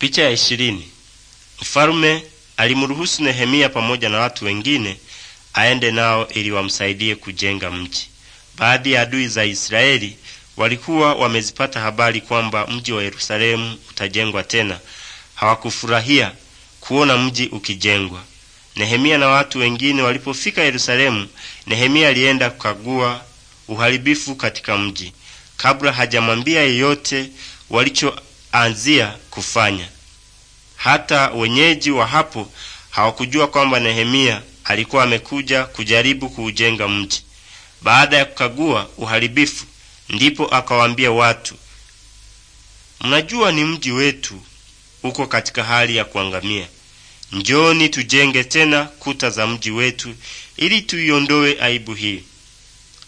Picha ya ishirini. Mfalume alimruhusu Nehemia pamoja na watu wengine aende nao ili wamsaidie kujenga mji. Baadhi ya adui za Israeli walikuwa wamezipata habari kwamba mji wa Yerusalemu utajengwa tena. Hawakufurahia kuona mji ukijengwa. Nehemia na watu wengine walipofika Yerusalemu, Nehemia alienda kukagua uharibifu katika mji. Kabla hajamwambia yeyote walicho anzia kufanya. Hata wenyeji wa hapo hawakujua kwamba Nehemia alikuwa amekuja kujaribu kuujenga mji. Baada ya kukagua uharibifu, ndipo akawaambia watu, mnajua ni mji wetu uko katika hali ya kuangamia. Njoni tujenge tena kuta za mji wetu ili tuiondoe aibu hii.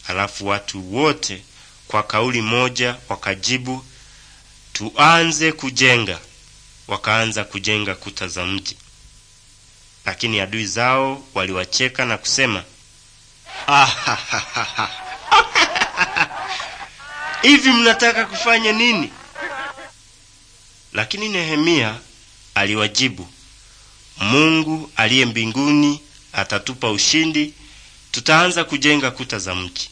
Halafu watu wote kwa kauli moja wakajibu tuanze kujenga. Wakaanza kujenga kuta za mji, lakini adui zao waliwacheka na kusema, hivi mnataka kufanya nini? Lakini Nehemia aliwajibu, Mungu aliye mbinguni atatupa ushindi, tutaanza kujenga kuta za mji.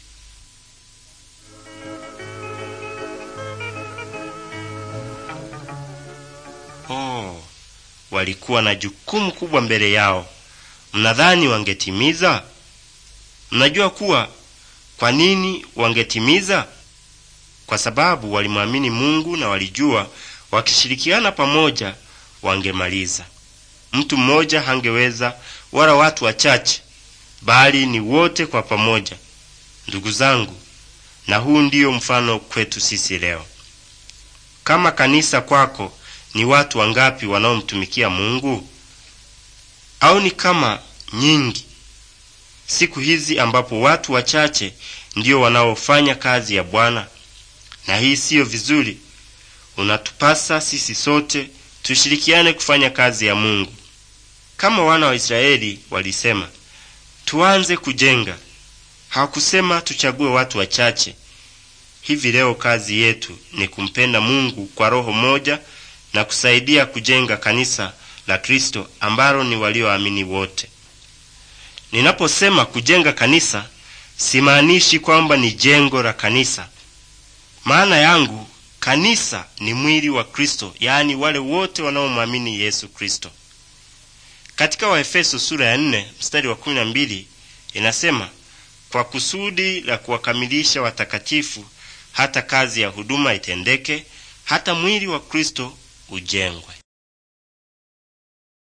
Oh, walikuwa na jukumu kubwa mbele yao. Mnadhani wangetimiza? Mnajua kuwa kwa nini wangetimiza? Kwa sababu walimwamini Mungu na walijua wakishirikiana pamoja wangemaliza. Mtu mmoja hangeweza wala watu wachache, bali ni wote kwa pamoja. Ndugu zangu, na huu ndiyo mfano kwetu sisi leo. Kama kanisa kwako ni watu wangapi wanaomtumikia Mungu? Au ni kama nyingi siku hizi ambapo watu wachache ndiyo wanaofanya kazi ya Bwana? Na hii siyo vizuri. Unatupasa sisi sote tushirikiane kufanya kazi ya Mungu kama wana wa Israeli walisema tuanze kujenga. Hawakusema tuchague watu wachache. Hivi leo kazi yetu ni kumpenda Mungu kwa roho moja na kusaidia kujenga kanisa la Kristo ambalo ni walioamini wote. Ninaposema kujenga kanisa, simaanishi kwamba ni jengo la kanisa. Maana yangu kanisa ni mwili wa Kristo, yaani wale wote wanaomwamini Yesu Kristo. Katika Waefeso sura ya 4 mstari wa 12 inasema kwa kusudi la kuwakamilisha watakatifu, hata kazi ya huduma itendeke, hata mwili wa Kristo ujengwe.